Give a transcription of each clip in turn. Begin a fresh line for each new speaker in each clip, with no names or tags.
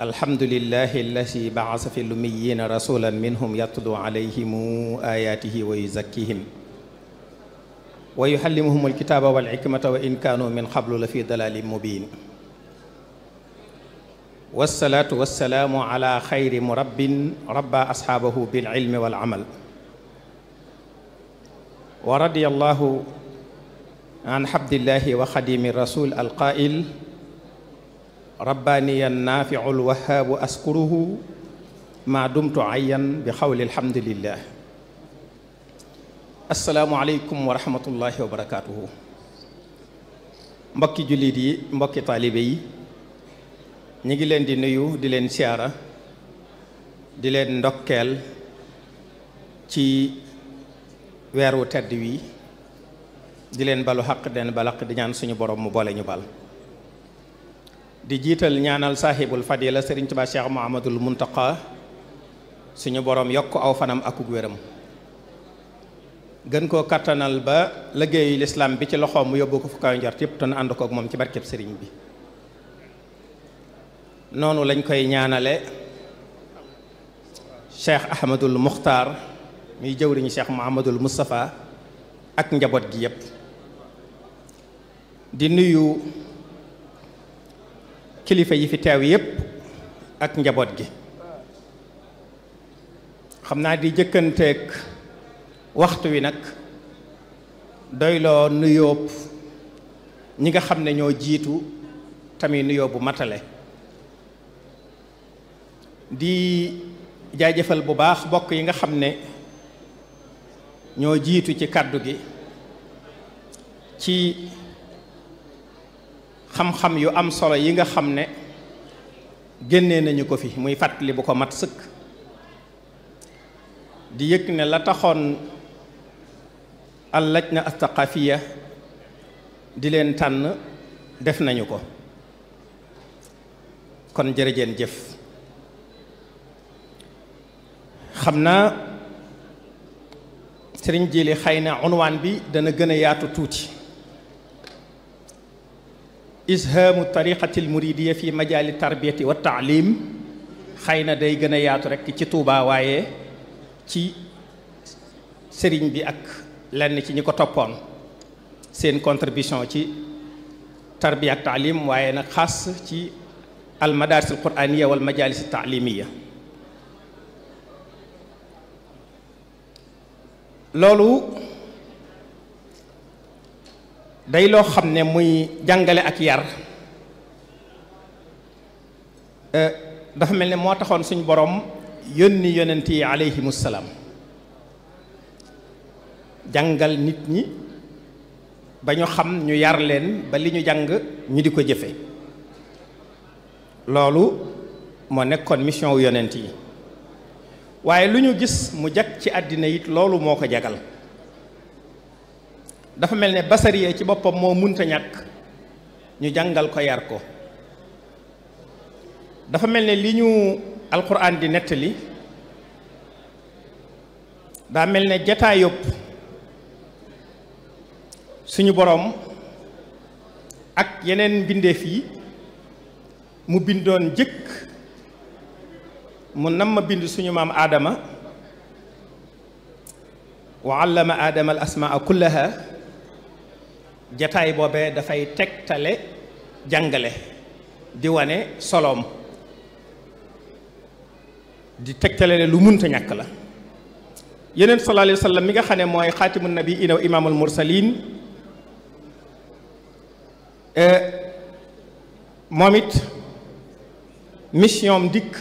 الحمد لله الذي بعث في الأميين رسولا منهم يتلو عليهم آياته ويزكيهم ويحلمهم الكتاب والحكمة وإن كانوا من قبل لفي ضلال مبين والصلاة والسلام على خير مرب ربى أصحابه بالعلم والعمل ورضي الله عن حبد الله وخديم الرسول القائل رباني النافع الوهاب أذكره ما دمت عيّا بحول الحمد لله السلام عليكم ورحمة الله وبركاته مبكي جليدي مبكي طالبي نيجي لين دي نيو دي لين سيارة دي لين دوكيل تي ويرو تدوي دي لين بالو حق دين بالاق دي نان سنو بروم مبالي نبال di jiital ñaanal saahibul fadila sëriñ Tuubaa Cheikh Muhammadul Muntaqa suñu boroom yokk aw fanam ak wéram gën koo kattanal ba liggéeyu lislaam bi ci loxoom mu yóbbu ko fu kaw njort yëpp te nu ànd kook moom ci barkeb sëriñ bi noonu lañ koy ñaanale Cheikh Ahmadul Muxtaar muy jëwriñu Cheikh Muhammadul Moustapha ak njaboot gi yëpp di nuyu kilifa yi fi teew yépp ak njaboot gi xam naa di jëkkanteek waxtu wi nag doyloo nuyóob ñi nga xam ne ñoo jiitu tamit nuyoo bu matale di jaajëfal bu baax bokk yi nga xam ne ñoo jiitu ci kàddu gi ci xam-xam yu am solo yi nga xam ne génnee nañu ko fi muy fàttali bu ko mat sëkk di yëg ne la taxoon al lajna astaqafiya di leen tànn def nañu ko kon jërëjeen jëf xam naa sëriñ jili xëy na unwaan bi dana gën a yaatu tuuti إسهام الطريقة المريدية في مجال التربية والتعليم خاينة داي غنى ياترك كي توبا واي كي سرين بي لأن كي نيكو توبون سين كونتربيشن كي تربية التعليم واي نخاص كي المدارس القرآنية والمجالس التعليمية لولو day loo xam ne muy jàngale ak yar euh, dafa mel ne moo taxoon suñ borom yónni yonent yi aleyhimu salaam jàngal nit ñi ba ñu xam ñu yar leen ba li ñu jàng ñu di ko jëfe loolu moo nekkoon mission wu yonent yi waaye lu ñu gis mu jag ci àddina it loolu moo ko jagal dafa mel ne basariya ci boppam moo munta ñàkk ñu jàngal ko yar ko dafa mel ne li ñu alxuraan di nettali daa mel ne jataa yópp suñu boroom ak yeneen mbindeef fii mu bindoon jëkk mu nam bind suñu maam aadama wa allama aadama al asmaa kullaha jataay boobee dafay tegtale jàngale di wane soloom di tegtale lu munta ñàkk la yeneen sallallahu alayhi wa sallam mi nga xam ne mooy xaatimu nabi inaw imaamul mursalin moom it mission dikk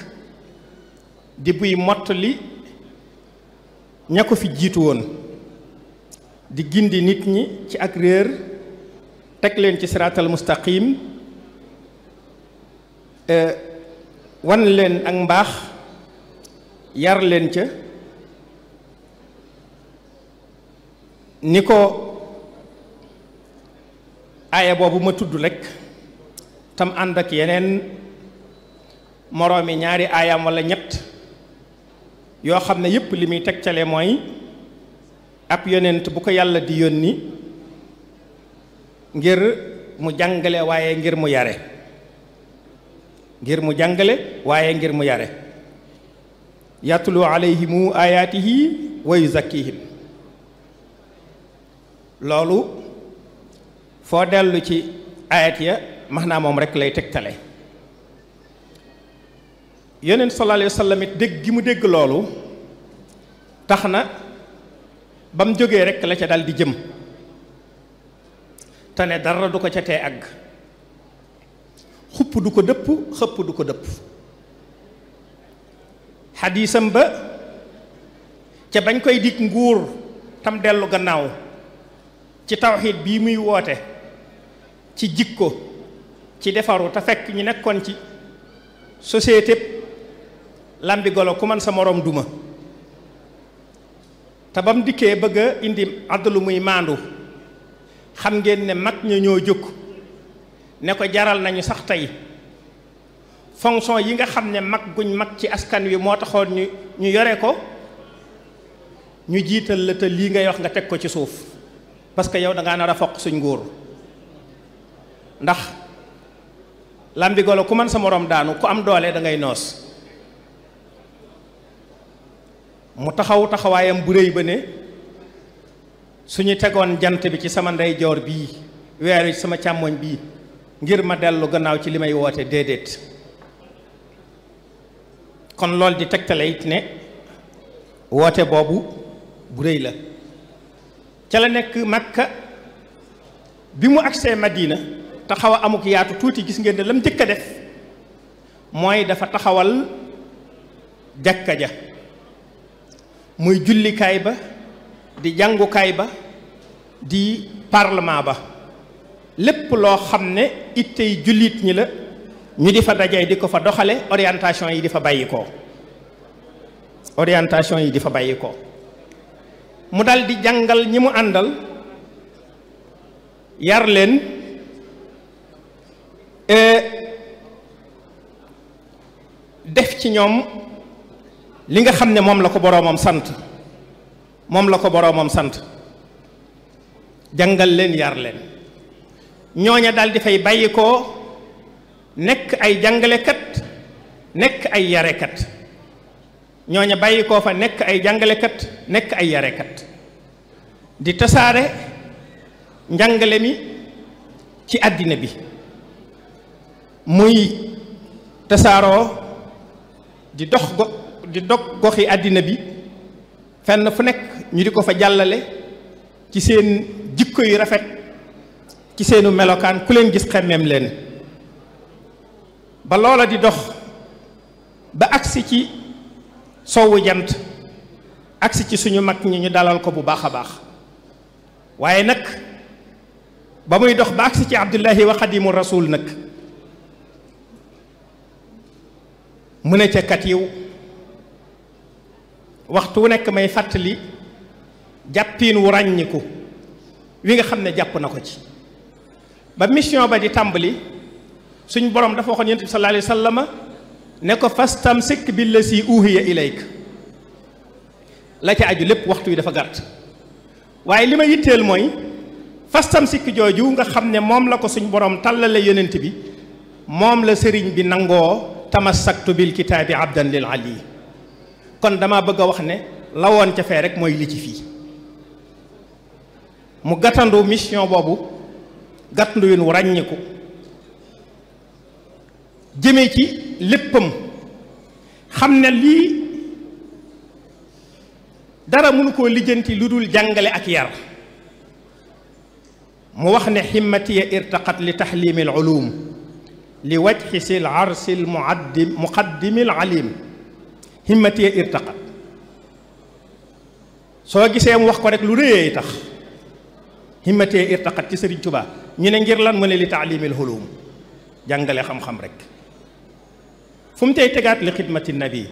di buy mottali ña ko fi jiitu woon di gindi nit ñi ci ak réer teg leen ci siraatal mustaqim e, wan leen ak mbaax yar leen ca ni ko aaya boobu ma tudd rekk tam ànd ak yeneen moroomi ñaari aayam walla ñett yoo xam ne yépp li muy teg tegcale mooy ab yonent bu ko yàlla di yónni ngir mu jàngale waaye ngir mu yare ngir mu jàngale waaye ngir mu yare yatlu alayhimu ayaatihi wa yuzakkihim loolu foo dellu ci ayat ya maanaam moom rek lay tegtale yonent sallallahu alayhi wa sallam dégg gi mu dégg loolu tax na ba mu jógee rek la ca dal di jëm te ne dara du ko ca tee àgg xupp du ko dëpp xëpp du ko dëpp xadiisam ba ca bañ koy dikk nguur tam dellu gannaaw ci tawxiit bii muy woote ci jikko ci defaru te fekk ñu nekkoon ci société lambi golo ku man sa moroom duma te bam dikkee bëgg a indi àddalu muy maandu xam ngeen ne mag ña ñoo jóg ne ko jaral nañu sax tey fonction yi nga xam ne mag guñ mag ci askan wi moo taxoon ñu ñu yore ko ñu jiital la te lii ngay wax nga teg ko ci suuf parce que yow da ngaa nar a foq suñ nguur ndax lambi golo ku man sa moroom daanu ku am doole da ngay noos mu taxaw taxawaayam bu réy ba ne suñu tegoon jant bi ci sama ndeyjoor bii weer wi sama càmmoñ bi ngir ma dellu gannaaw ci li may woote déedéet kon loolu di tegtale it ne woote boobu bu rëy la ca la nekk Makka bi mu agsee Madina te xaw a amuk yaatu tuuti gis ngeen ne lam njëkk def mooy dafa taxawal jakka ja muy jullikaay ba di jàngukaay ba di parlement ba lépp loo xam ne ittey jullit ñi la ñu di fa dajee di ko fa doxale orientation yi di fa bàyyi ko orientation yi di fa bàyyi ko mu dal di jàngal ñi mu àndal yar leen e, def ci ñoom li nga xam ne moom la ko boroomam sant moom la ko boroomam sant jàngal leen yar leen ñooña daal di fay bàyyi koo nekk ay jàngalekat nekk ay yarekat ñooña bàyyi koo fa nekk ay jàngalekat nekk ay yarekat di tasaare njàngale mi ci àddina bi muy tasaaroo di dox go di dog goxi àddina bi fenn fu nekk ñu di ko fa jàllale ci seen jikko yu rafet ci seenu melokaan ku leen gis xemmeem leen ba loola di dox ba agsi ci sowu jant agsi ci suñu mag ñi ñu dalal ko bu baax a baax waaye nag ba muy dox ba agsi ci Abdullahi wa Xadimu Rasul nag mu ne ca kat yiw waxtu nekk may fàttali jàppiin wu ràññiku wi nga xam ne jàpp na ko ci ba mission ba di tàmbali suñ borom dafa waxoon yonent bi sallallahu alayhi wa sallama ne ko fastamsik billasi uuhiya ilayk la ca aju lépp waxtu wi dafa gàtt waaye li ma yitteel mooy fastamsik jooju nga xam ne moom la ko suñ borom tàllale yonent bi moom la sëriñ bi nangoo tamassaktu bil kitaabi abdan lil ali kon dama bëgg a wax ne lawoon ca fee rek mooy li ci fii mu gàttandu mission bobu gàttandu yin wu ràññiku jeme ci léppam xamne li dara mënu ko lijeenti lu jàngale ak yar mu wax ne himmati ya irtaqat li taxlimi al ulum li wajhi sil arsi al muaddim muqaddimi al alim ya irtaqat so gisee mu wax ko rek lu reey tax himmaté irtaqat ci Serigne Touba ñu ne ngir lan mu li ta'limil hulum jàngale xam-xam rek fum tay tey tegaat li khidmatin nabi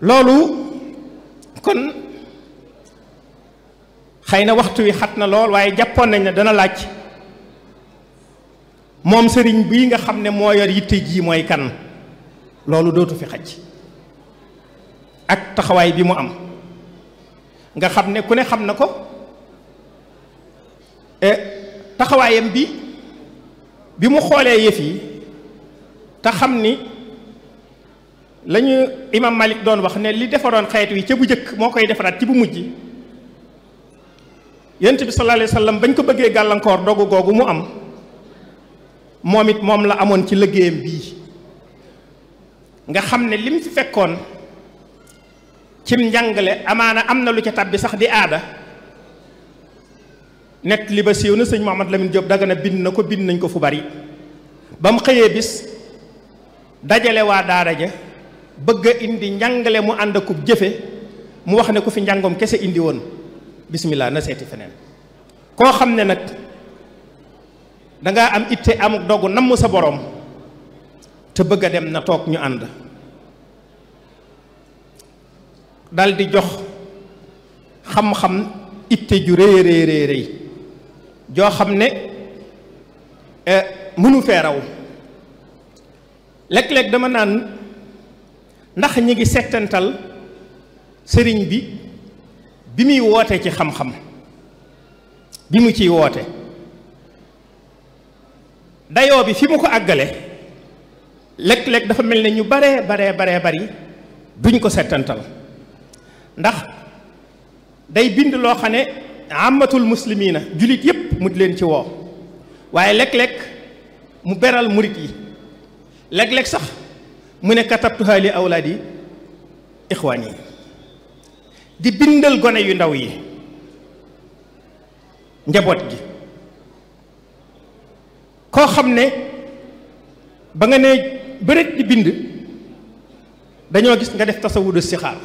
lolu kon xëy waxtu wi xatna lol waye jappon nañ ne dana lacc mom serigne bi nga xamne mo yor yitte ji moy kan lolu dootu fi xajj ak taxaway bi mu am nga xamne ku ne xam nako e taxawayam bi bi mu xolé yëf yi ta xamni lañu imam Malik doon wax ne li defaron xeet wi ci bu njëkk mo koy defarat ci bu mujj yonent bi sallallahu alayhi wasallam sallam bañ ko bëggee galankor dogu gogu mu am momit mom la amone ci liggéeyam bi nga xamne lim ci fekkone cim jangale amana amna lu ci tabbi sax di aada net li ba siiw na sëñ Lamine Diop Dagana bin na bin nagn ko fu bari bam xeye bis dajale wa daara ja beug indi njàngale mu andaku akub mu wax ne ku fi njàngoom kese indi won bismillah na seeti fenen ko xamne nak da nga am itte amuk dogu nam sa borom te beug dem na tok ñu and daldi jox xam-xam itte ju rëy rëy rëy joo xam ne e, mënu fee raw léeg-léeg dama naan ndax ñi ngi settantal sëriñ bi bi muy woote ci xam-xam bi mu ciy woote dayoo bi fi mu ko àggale léeg-léeg dafa mel ne ñu baree baree baree bari duñ ko settantal ndax day bind lo xane amatul muslimina julit yep mud len ci wo waye lek lek mu beral murid yi lek lek sax mune katabtuha li awladi ikhwani di bindal gone yu ndaw yi njabot gi ko xamne ba nga ne bëreet di bind dañu gis nga def tasawudu sikhar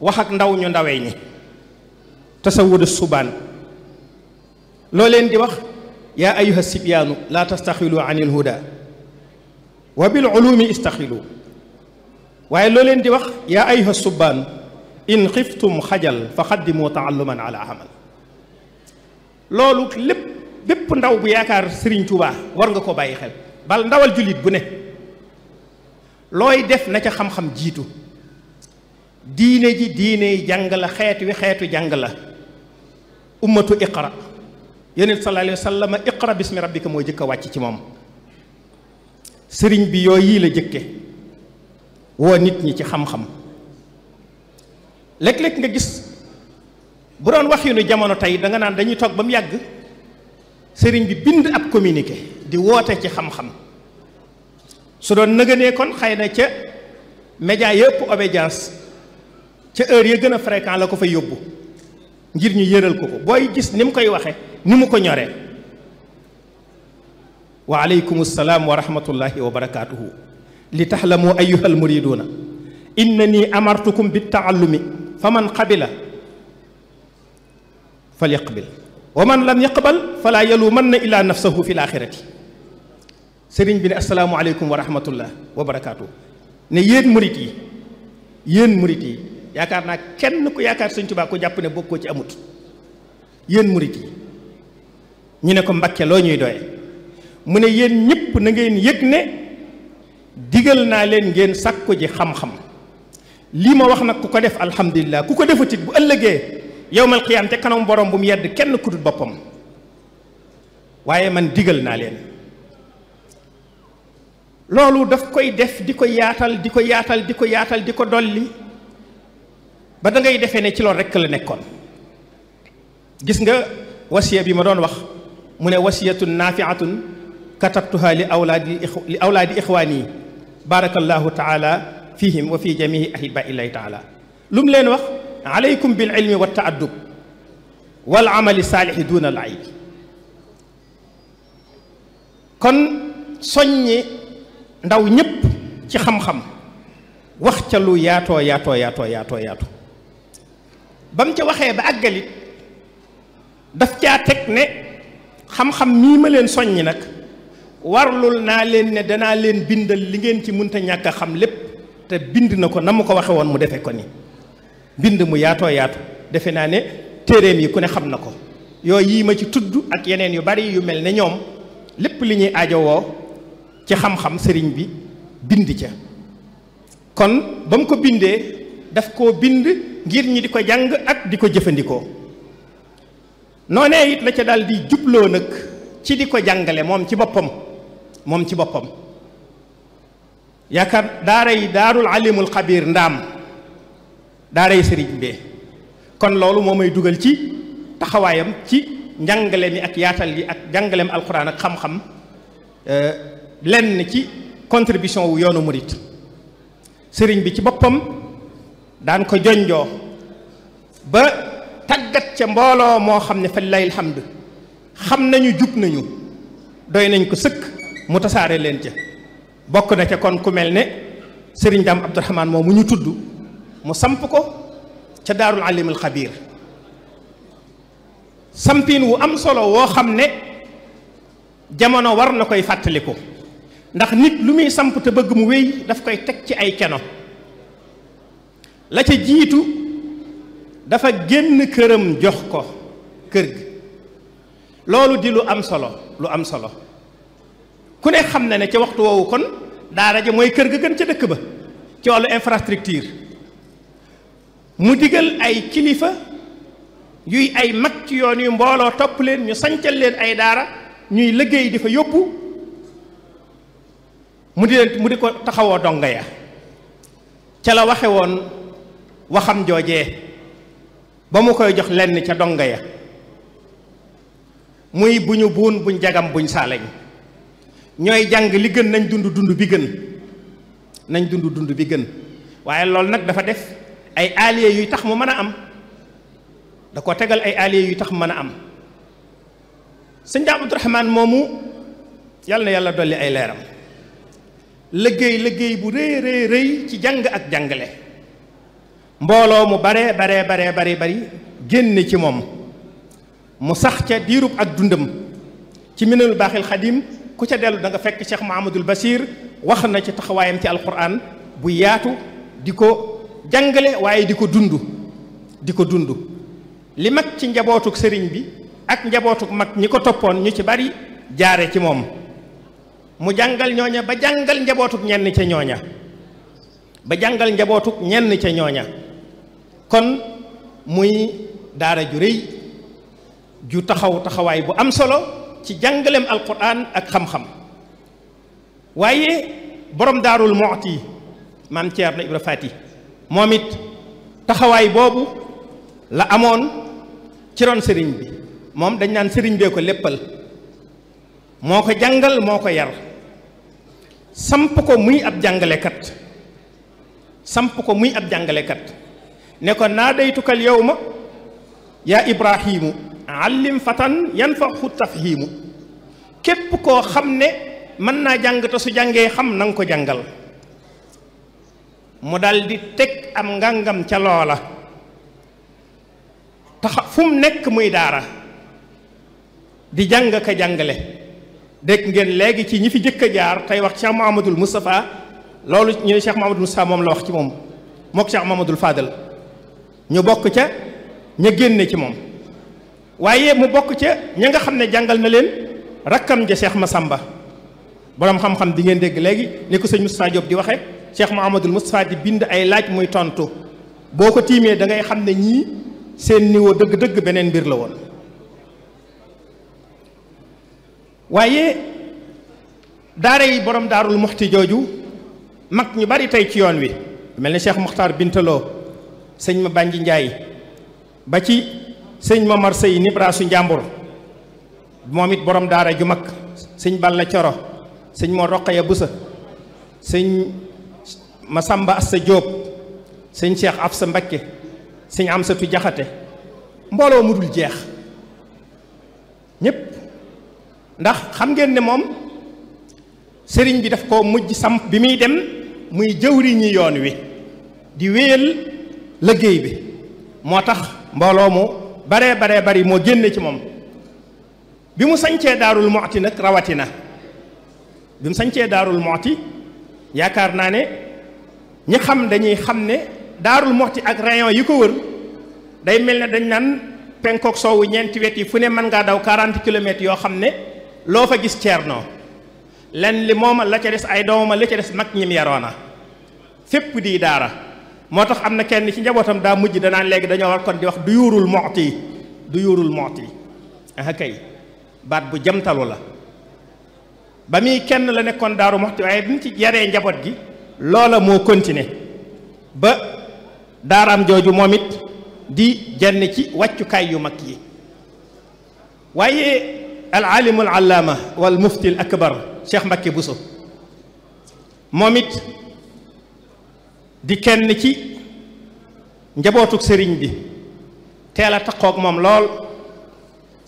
wax ak ndaw ñu ndawee ñi tasawudu subaan loo leen di wax yaa ayuha sibyaanu laa tastaxilu an huda wa bil ulumi istaxilu waaye loo leen di wax yaa ayuha subaan in khiftum khajal fa xaddimu taalluman ala amal loolu lépp bépp ndaw bu yaakaar Serigne Touba war nga ko bàyyi xel bal ndawal jullit bu ne looy def na ca xam-xam jiitu diine ji diiney jàng la xeet wi xeetu jàng la ummatu iqra yonent sallallahu alayhi wa sallam iqra bismi rabbika moo jëkk a wàcc ci moom sëriñ bi yooyu yii la jëkke woo nit ñi ci xam-xam léeg-léeg nga gis bu doon wax yu nu jamono tey danga naan dañuy toog ba mu yàgg sëriñ bi bind ab communiqué di woote ci xam-xam su doon nëgënee kon xay na ca média yëpp obédience ca heure ya gën a fréquent la ko fa yóbbu ngir ñu yëral ko ko booy gis ni mu koy waxe ni mu ko ñoree wa aleykum salaam wa rahmatullahi wa barakaatuhu li taxlamu ayuha almuriduuna innani amartukum bittaallumi fa man qabila fal yaqbil wa man lam yaqbal falaa yalumanna ila nafsahu fi laaxirati sëriñ bi ne asalaamu aleykum wa rahmatullah wa barakaatu ne yéen murit yi yéen murit yi yaakaar naa kenn ko yaakaar sëñ Tuubaa ku jàpp ne bokkoo ci amut yéen murit yi ñu ne ko Mbàkke loo ñuy doy mu ne yéen ñëpp na ngeen yëg ne digal naa leen ngeen sàkku ji xam-xam lii ma wax nag ku ko def alhamdulilah ku ko defatit bu ëllëgee yowmal qiyaam te kanam borom bu mu yedd kenn ku dul boppam waaye man digal naa leen loolu daf koy def di ko yaatal di ko yaatal di ko yaatal di ko dolli ba da ngay defé ne ci lool rek la nékkon gis nga wasiya bi ma doon wax mu ne wasiyatun nafi'atun katabtuha li awladi li awladi ikhwani barakallahu taala fihim wa fi jami'i ahibai llahi taala lum leen wax alaykum bil ilmi wat taaddub wal amali salih duuna al aib kon soññi ndaw ñépp ci xam-xam wax ca lu yaato yaato yaato yaato yaato ba mu ca waxee ba ak àggalit daf caa teg ne xam-xam mii ma leen soññi nag warlul naa leen ne danaa leen bindal li ngeen ci munta ñàkk a xam lépp te bind na ko na mu ko waxe woon mu defe ko ni bind mu yaatoo yaatu defe naa ne téeréem yi ku ne xam na ko yooy yii ma ci tudd ak yeneen yu bari yu mel ne ñoom lépp li ñuy aajowoo ci xam-xam sëriñ bi bind ca kon ba mu ko bindee daf ko bind ngir ñi di ko jàng ak di ko jëfandikoo noonee it la ca daal di jubloo nag ci di ko jàngale moom ci boppam moom ci boppam yaakaar daara yi daarul alimul xabiir ndaam daara yi sëriñ bi kon loolu moo may dugal ci taxawaayam ci njàngale mi ak yaatal yi ak jàngaleem alxuraan ak xam-xam euh, lenn ci contribution wu yoonu murit sëriñ bi ci boppam daan ko jonjoo ba tagat ci mbolo mo xamne fa lay alhamd xam nañu jub nañu doy nañ ko seuk mu tassare len ci bokk na ci kon ku melne serigne dam abdourahman mo moom mu ñu tudd mu samp ko ci darul alim alkhabir sampin wu am solo wo xamne jamono war na koy fàttaliku ndax nit lu muy samp te bëgg mu wéy daf koy tek ci ay keno la ca jiitu dafa génn këram jox ko kër gi loolu di lu am solo lu am solo ku ne xam na ne ca waxtu woowu kon daara ja mooy kër ga gën ca dëkk ba ci wàllu infrastructure mu digal ay kilifa yuy ay mag ci yoon yu mbooloo topp leen ñu sancal leen ay daara ñuy liggéey di fa yóbbu mu di leen mu di ko taxawoo donga ya ca la waxe woon waxam joojee ba mu koy jox lenn ca dongo ya muy bu ñu buun buñ jagam buñ saalañ ñooy jàng li gën nañ dund dund bi gën nañ dund dund bi gën waaye loolu nag dafa def ay alliés yuy tax mu mën a am da ko tegal ay alliés yuy tax mën a am sëñ Abdourahmaan moomu yàlla na yàlla dolli ay leeram liggéey liggéey bu rëy rëy rëy ci jàng ak jàngale mbolo mu bare bare bare bare bare genn ci mom mu sax ca dirub ak dundum ci minul bakhil khadim ku ca delu da nga fekk cheikh basir wax na ci taxawayam ci alquran bu yaatu di ko waye diko di ko dundu di ko li mak ci njabotuk serigne bi ak njabotuk mak ni ko topone ñu ci bari jaare ci mom mu jangal ñoña ba jangal njabotuk ñen ci ñoña ba jangal njabotuk ñen ci ñoña kon muy daara ju rëy ju taxaw taxawaay bu am solo ci jàngaleem alquran ak xam-xam waaye borom daarul mooti maam Thierno Ibra Fati moom it taxawaay boobu la amoon ci ron sëriñ bi moom dañ naan sëriñ bee ko léppal moo ko jàngal moo ko yar samp ko muy ab jàngalekat samp ko muy ab jàngalekat ne ko naadaytukal yawma yaa ibrahimu allim fatan yanfahu tafhimu képp koo xam ne mën naa jàng te su jàngee xam nanga ko jàngal mu dal di teg am ngàngam ca loola tax fu mu nekk muy daara di jàng ka jàngale dégg ngeen léegi ci ñi fi jëkk a jaar tey wax Cheikh Mouhamadul Moustapha loolu ñu ne Cheikh Mouhamadul moom la wax ci moom mook Cheikh Mouhamadul Fadal ñu bokk ca ña génne ci moom waaye mu bokk ca ña nga xam ne jàngal na leen rakkam ja Cheikh Massamba boroom xam-xam di ngeen dégg léegi nekku ko sëñ Moustapha Diop di waxee Cheikh Mouhamadul Moustapha di bind ay laaj muy tontu boo ko tiimee dangay xam ne ñii seen niveau dëgg-dëgg beneen mbir la woon waaye daara yi borom daarul muxti jooju mag ñu bari tey ci yoon wi mel ni Cheikh Mokhtar Bintaloo seigne ma bandi njaay ba ci seigne mamar marse ni nibraasu njambour momit borom daara ju mak seigne balla coro seigne mo roqaya busa seigne masamba assa asta seigne cheikh afsa mbakke sëñ amsatu jaxate mbolo mudul khamgen jeex ñep ndax xam ngeen ne mom bi daf ko mujj samp bi mi dem muy ñi yoon wi di weyel liggéey bi moo tax mbooloo mu baree baree bari moo génne ci moom bi mu sañcee daarul moxti nag rawatina bi mu sañcee daarul moxti yaakaar naa ne ñi xam dañuy xam ne daarul moxti ak rayon yi ko wër day mel ne dañ naan penkook soowu ñeenti wet yi fu ne mën ngaa daw 40 kilomètres yoo xam ne loo fa gis ceernoo lenn li mooma la ca des ay doomama la ca des mag ñim yaroona fépp di daara motax amna kenn ci njabotam da mujj da nan léegi dañu war kon di wax du yuurul moxti du yuurul moxti ah kay bat bu jamtalu la bami kenn la nekkon daru mu'ti waye bi ci yare njabot gi lola mo continuer ba daram joju momit di jenn ci waccu kay yu makki waye al alim al allama wal mufti al akbar Cheikh Mbacké Bousso momit di kenn ci njabootuk sëriñ bi teel a taqoog moom lool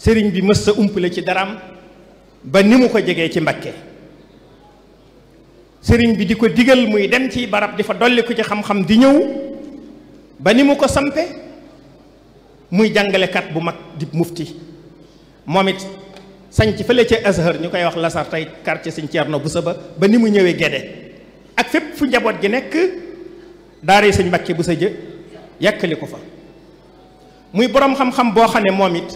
sëriñ bi mës sa umpale ci daram ba ni mu ko jegee ci Mbakke sëriñ bi di ko digal muy dem ci barab di fa dolli ci xam-xam di ñëw ba ni mu ko sampe muy jàngalekat bu mag di mufti moom it sañ ci fële ca Azhar ñu koy wax lasar tey siñ Sëñ Ceerno bu sëba ba ni mu ñëwee Gédé ak fépp fu njaboot gi nekk daaray sëñ Mbàkke bu sa jë yàkkali ko fa muy boroom xam-xam boo xam ne moom it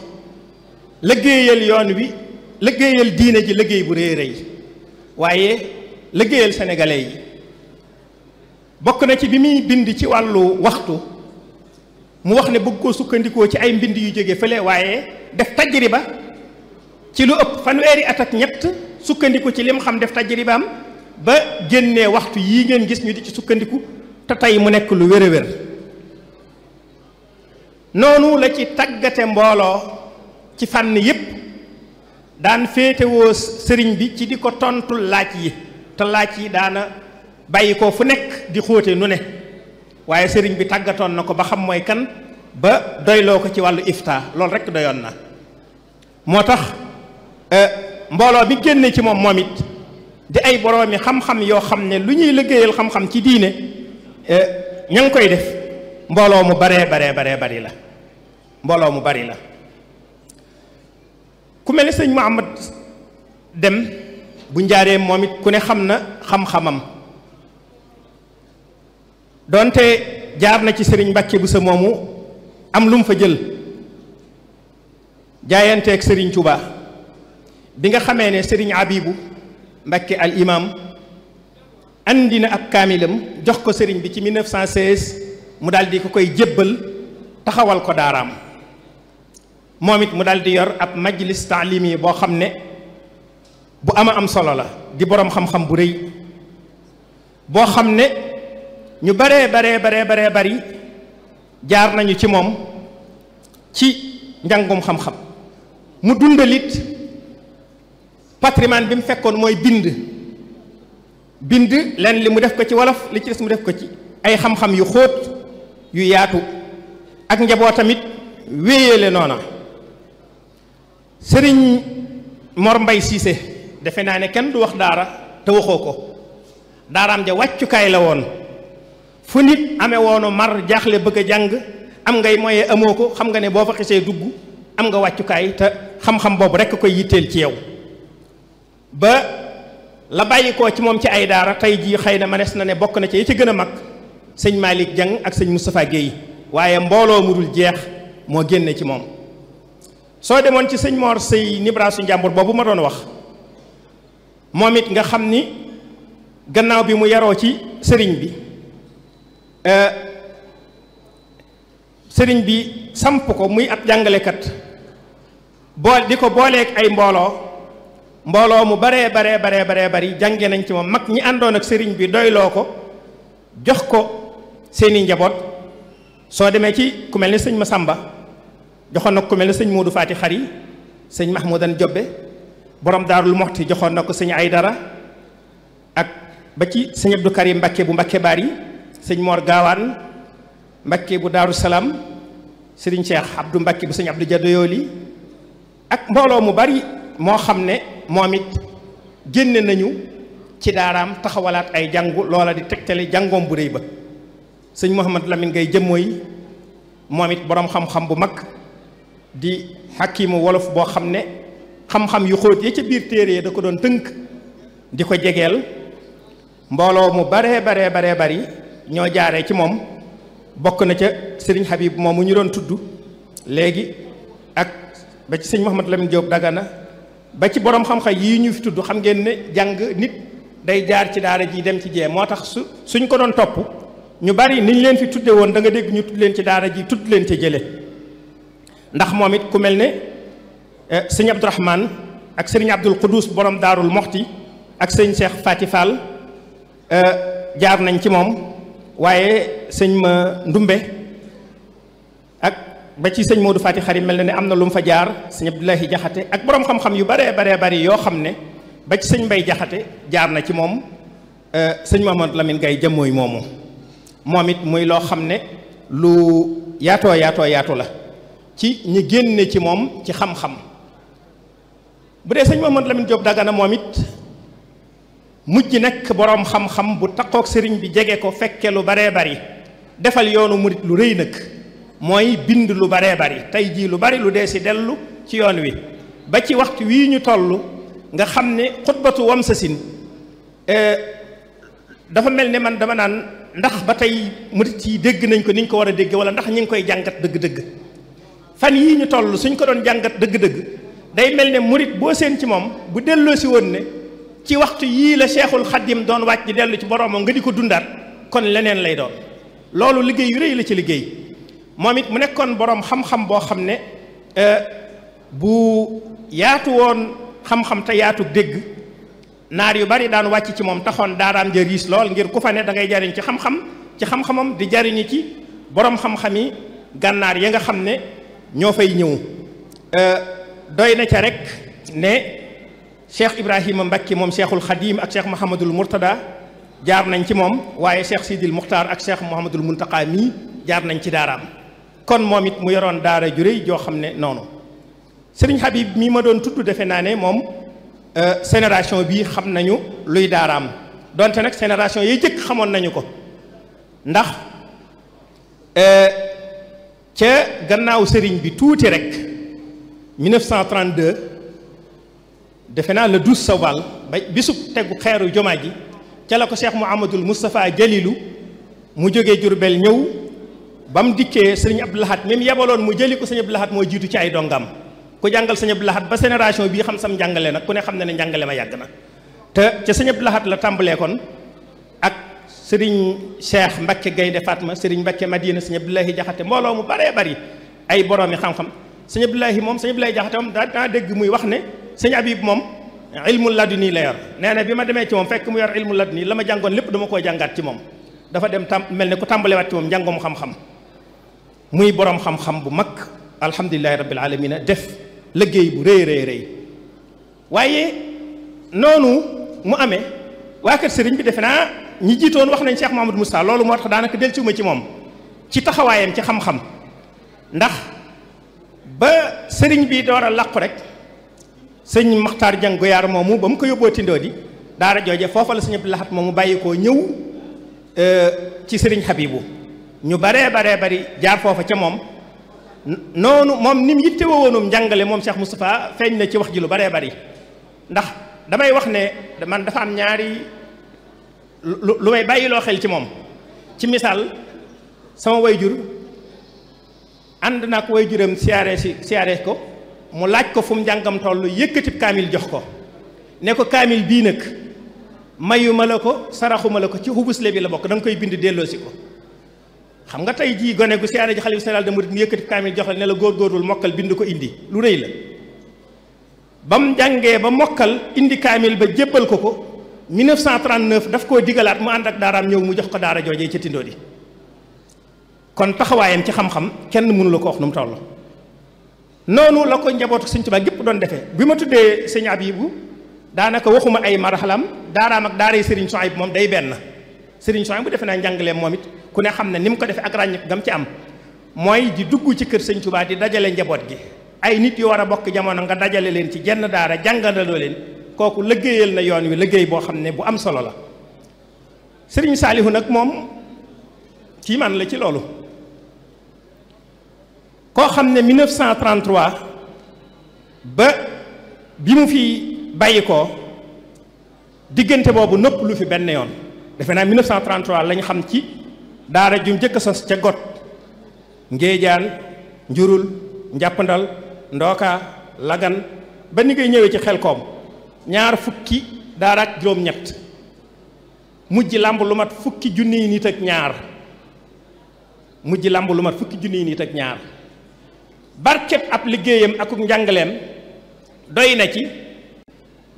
liggéeyal yoon wi liggéeyal diine ji liggéey bu rëy rëy waaye liggéeyal sénégalais yi bokk na ci bi muy bind ci wàllu waxtu mu wax ne bëgg koo sukkandikoo ci ay mbind yu jóge fële waaye def ba ci lu ëpp fanweeri at ak ñett sukkandiku ci lim xam def tajribaam ba génnee waxtu yii ngeen gis ñu di ci sukkandiku te tey mu nekk lu wér wér noonu la ci tàggate mbooloo ci fànn yépp daan féetewoo sëriñ bi ci di ko tontu laaj yi te laaj yi daana bàyyi ko fu nekk di xóote nu ne waaye sëriñ bi tàggatoon na ko ba xam mooy kan ba doyloo ko ci wàllu ifta loolu rekk doyoon na moo tax euh, mbooloo bi génne ci moom moom it di ay boroomi xam-xam yoo xam ne lu ñuy liggéeyal xam-xam ci diine Eh, ña ngi koy def mbooloo mu baree baree baree bari la mbooloo mu bari la ku mel ne sëñ Mouhamad dem bu njaaree moom it ku ne xam na xam-xamam donte jaar na ci sëriñ mbakke bu sa moomu am lu mu fa jël jaayanteeg sëriñ Touba bi nga xamee ne sëriñ Abibu Mbàkke al imam andi na ab kaamilam jox ko sëriñ bi ci 1916 mu daldi di ko koy jébbal taxawal ko daaraam moom it mu daldi yor ab majlis taalim boo xam ne bu ama am solo la di boroom xam-xam bu rëy boo xam ne ñu baree baree baree bari jaar nañu ci moom ci njàngum xam-xam mu dundalit patrimoine bi mu fekkoon mooy bind bind lenn li mu def ko ci wolof li ci des mu def ko ci ay xam-xam yu xóot yu yaatu ak njaboo tamit wéyeele noona sëriñ Mor Mbay Siise defe naa ne kenn du wax daara te waxoo ko daaraam ja wàccukaay la woon fu nit amee woonu mar jaaxle bëgg a jàng am ngay moye amoo ko xam nga ne boo fa xisee dugg am nga wàccukaay te xam-xam boobu rekk koy yitteel ci yow ba la bàyyi koo ci moom ci ay daara tey jii xëy na manees na ne bokk na ci yi ci gën a mag sëñ Malick Dieng ak sëñ Moustapha Guèye waaye mbooloo mu dul jeex moo génne ci moom soo demoon ci sëñ Mor Sey Nibrasu Njàmbur boobu ma doon wax moom it nga xam ni gannaaw bi mu yaroo ci sëriñ bi euh, sëriñ bi samp ko muy ab jàngalekat boo di ko booleeg ay mbooloo mbolo mu bare bare bare bare bare jangé nañ ci mom mak ñi àndoon ak sëriñ bi doy ko jox ko seeni njabot so démé ci ku melni sëriñ Masamba joxoon na ku melni sëriñ Modou Moodu Khari sëriñ Mahmoudan Jobbe borom darul muhti joxon nak sëriñ Aydara ak ba ci sëriñ Abdou Karim Mbacké bu Mbacké Bari sëriñ Mor Gawan Mbacké bu Darul Salam, sëriñ Cheikh Abdou Mbacké bu sëriñ Abdou Jadoyoli, ak mbolo mu bari moo xam ne moom it génne nañu ci daaraam taxawalaat ay jàngu loola di tegtale jàngoom bu réy ba sëñ Mouhamad Lamine Gaye jëmmooy moom it boroom xam-xam bu mag di xakimu wolof boo xam ne xam-xam yu xóot ya ca biir téere da ko doon tënk di ko jegeel mbooloo mu baree baree baree bari ñoo jaaree ci moom bokk na ca sëriñ Habib moom mu ñu doon tudd léegi ak ba ci sëñ Mouhamad Lamine Diop Dagana ba ci borom xam-xam yii ñu fi tudd xam ngeen ne jàng nit day jaar ci daara ji dem ci jee moo tax su suñ ko doon topp ñu bari niñ leen fi tudde woon da nga dégg ñu tudd leen ci daara ji tudd leen ca jële ndax moom it ku mel ne eh, sëñ Abdourahman ak sëriñ Abdul Qudus borom daarul moxti ak sëñ Cheikh Fati Fall eh, jaar nañ ci moom waaye sëñ ma Ndumbe ba ci sëñ Modou Fati Xari mel na ne am na lu mu fa jaar sëñ Abdoulahi Jaxate ak borom xam-xam yu baree baree bari yoo xam ne ba ci sëñ Mbay Jaxate jaar na ci moom euh, sëñ Mamadou Lamine Gaye jëmmooy moomu moom it muy loo xam ne lu yaatoo yaatoo yaatu la ci ñi génne ci moom ci xam-xam bu dee sëñ Mamadou Lamine Diop Dagana moom it mujj nekk boroom xam-xam bu takkook sëriñ bi jege ko fekke lu baree bari defal yoonu murit lu rëy nag mooy bind lu baree bari tey jii lu bari lu dee si dellu ci yoon wi ba ci waxtu wii ñu toll nga xam ne xutbatu Wamsasine eh, dafa mel ne man dama naan ndax ba tey murit yi dégg nañ ko ni ñu ko war a dégg wala ndax ñu ngi koy jàngat dëgg-dëgg fan yii ñu toll suñ ko doon jàngat dëgg-dëgg day mel ne murit boo seen ci moom bu delloo si woon ne ci waxtu yii la Seexul Xaddim doon wàcc di dellu ci boroomam nga di ko dundaat kon leneen lay doon loolu liggéey yu rëy la ci liggéey moom it mu nekkoon boroom xam-xam boo xam ne euh, bu yaatu woon xam-xam te yaatu dégg naar yu bari daan wàcc ci moom taxoon daaraam ja lool ngir ku da ngay jariñ ci xam-xam ci xam-xamam di jariñu ci boroom xam-xam yi gànnaar ya nga xam ne ñoo fay ñëw euh, doy na ca rek ne cheikh Ibrahima Mbacke moom cheikhul Khadim ak cheikh Mouhamadul Mourtada jaar nañ ci moom waaye cheikh Sidil Muxtaar ak cheikh Mouhamadul Muntaqa mii jaar nañ ci daaraam. kon momit mu yoron daara ju rëy joo xam ne noonu Habib mi ma don tuddu defe naa ne moom génération bi xamnañu luy daaram donte nak génération yi jëkk xamoon nañu ko ndax euh ci gannaaw serigne bi touti rek 1932 defena le 12 Sawal bisu teggu xéru jomaaji ci la ko Cheikh Mouhamadoul Moustapha Jalilu mu joge Jurbel ñëw ba mu dikkee sëriñ Abdou Lahad mi mu yebaloon mu jëli ko sëriñ Abdou Lahad moo jiitu ci ay dongam ku jàngal sëriñ Abdou Lahad ba génération bii xam sam njàngale nag ku ne xam ne njàngale ma yàgg na te ca sëriñ Abdou la tàmbalee kon ak sëriñ Cheikh Mbacke Gaynde Fatma sëriñ Mbacke Madina sëriñ Abdou Lahi Jaxate mbooloo mu baree bari ay boroomi xam-xam sëriñ Abdou Lahi moom sëriñ Abdou Lahi Jaxate moom daa daa dégg muy wax ne sëriñ Habib moom ilmul laduni la yor nee na bi ma demee ci moom fekk mu yor ilmul nii la ma jàngoon lépp dama koo jàngaat ci moom dafa dem tam mel ne ku tàmbalewaat ci moom njàngoom muy boroom xam-xam bu mag alhamdulilahi rabbil alamina def liggéey bu rëy rëy rëy waaye noonu mu amee waa kër sëriñ bi defe naa ñi jiitoon wax nañ Cheikh Mahamadou Moussa loolu moo tax daanaka del ciwuma ci moom ci taxawaayam ci xam-xam ndax ba sëriñ bi door a làqu rek sëñ Maxtaar Jang Goyaar moomu ba mu ko yóbboo tindoo di daara jooje foofa la sëñ Abdou Lahat moomu bàyyi koo ñëw euh, ci sëriñ Xabibu ñu baree baree bari jaar foofa ca moom noonu moom ni mu yitte woonum njàngale moom Cheikh Moustapha feeñ na ci wax ji lu bare bari ndax damay wax ne man dafa am ñaari lu may bàyyi loo xel ci moom ci misaal sama way jur ànd naa ko wayjuram siyaare si siyaare ko mu laaj ko fu mu njàngam toll yëkkatib kaamil jox ko ne ko kaamil bii nag mayu ma la ko saraxuma la ko ci hubusle bi la bokk danga nga koy bind delloosi ko xam nga tey jii gone gu siyaare ji xalifa général de murid mu yëkkati kaamil jox la ne la góorgóorlul mokkal bind ko indi lu rëy la ba mu jàngee ba mokkal indi kaamil ba jébbal ko ko 1939 daf koo digalaat mu ànd ak daaraam ñëw mu jox ko daara joojee ca Tindodi kon taxawaayam ci xam-xam kenn mënula la ko wax nu mu toll noonu la ko njabootu Sëñ Tuubaa gépp doon defee bi ma tuddee Sëñ Abibu daanaka waxuma ay marxalam daaraam ak daaray Sëriñ Sohaybu moom day benn Sëriñ Sohaybu bu defe naa njàngaleem moom it ku ne xam ne ni mu ko defee ak ràññeeku gam ci am mooy di dugg ci kër sañ Tuubaa di dajale njaboot gi ay nit yu war a bokk jamono nga dajale leen ci jenn daara jàngalaloo leen kooku liggéeyal na yoon wi liggéey boo xam ne bu am solo la sëriñ Saalihu nag moom kii man la ci loolu koo xam ne 1933 ba bi mu fi bàyyi ko diggante boobu nëpp lu fi benn yoon defe naa 1933 lañ xam ci daara ju njëkk a sos ca got ngéejaan njurul njàppandal ndooka lagan ba ni ngay ñëwee ci xel koom ñaar fukki daara ak juróom-ñett mujj làmb lu mat fukki junniy nit ak ñaar mujj barkeb ab liggéeyam akuk njàngaleem doy na ci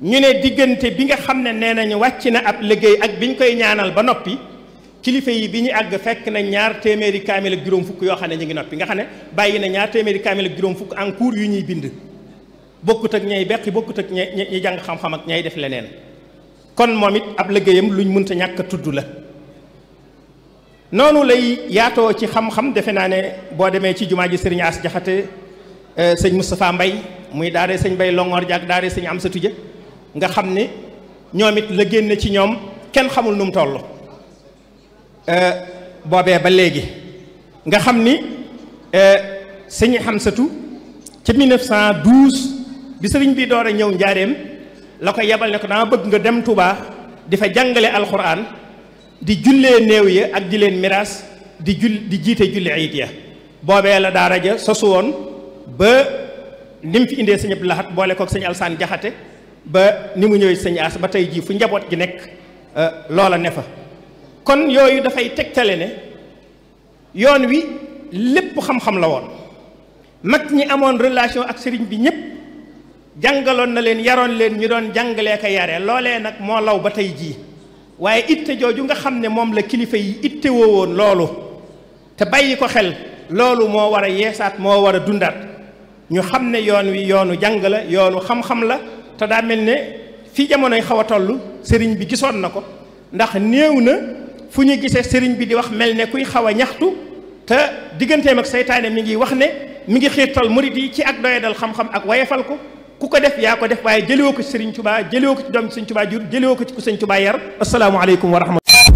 ñu ne diggante bi nga xam ne nee nañu wàcc na ab liggéey ak biñ koy ñaanal ba noppi kilifa yi bi ñu àgg fekk nañ ñaar téeméeri kaamil ak juróom fukk yoo xam ne ñu ngi nga xam ne bàyyi na ñaar téeméeri kaamil ak juróom fukk en cours yu ñuy bind bokkut ak ñay beqi bokkut ak ñay jàng xam-xam ak ñay def leneen kon moom it ab lu ñu luñ mënta ñàkk a tudd la noonu lay yaatoo ci xam-xam defe naa ne boo demee ci jumaa ji sëriñ As Jaxate euh, sëñ Moustapha Mbay muy daare sëñ bay Longoor jaak daare sëñ Amsatu Ja nga xam ne ñoom it la génne ci ñoom kenn xamul nu mu toll Euh, boobee ba léegi nga xam ni euh, sëñ Xamsatu ca 1912 bi sëriñ bi door a ñëw njaareem la ko yebal ne ko dama bëgg nga dem Touba di fa jàngale alxuraan di jullee néew ya ak di leen miraas di jul di jiite julli ayit ya boobee la daara ja sosu woon ba ni mu fi indee sëñ Abdou Lahad boole kook sëñ Alsaan Jaxate ba ni mu ñëwee sëñ As ba tey jii fu njaboot gi nekk euh, loola ne fa kon yooyu dafay tegtale ne yoon wi lépp xam-xam la woon mag ñi amoon relation ak sëriñ bi ñëpp jàngaloon na leen yaroon leen ñu doon jàngalee ko yare loolee nag moo law ba tey jii waaye itte jooju nga xam ne moom la kilifa yi itte woo woon loolu te bàyyi ko xel loolu moo war a yeesaat moo war a dundaat ñu xam ne yoon wi yoonu jàng la yoonu xam-xam la te daa mel ne fii jamonoy xaw a toll sëriñ bi gisoon na ko ndax néew na fu ñu gisee sëriñ bi di wax mel ne kuy xaw a ñaxtu te digganteem ak seytaane mi ngi wax ne mu ngi xiirtal murit yi ci ak doyadal xam-xam ak wayefal ko ku ko def yaa ko def waaye jëliwoo ko ci sëriñ Tuubaa jëliwoo ko ci doom sëriñ Tuubaa jur jëliwoo ko ci ku sëriñ Tuubaa yar asalaamaaleykum wa rahmatulah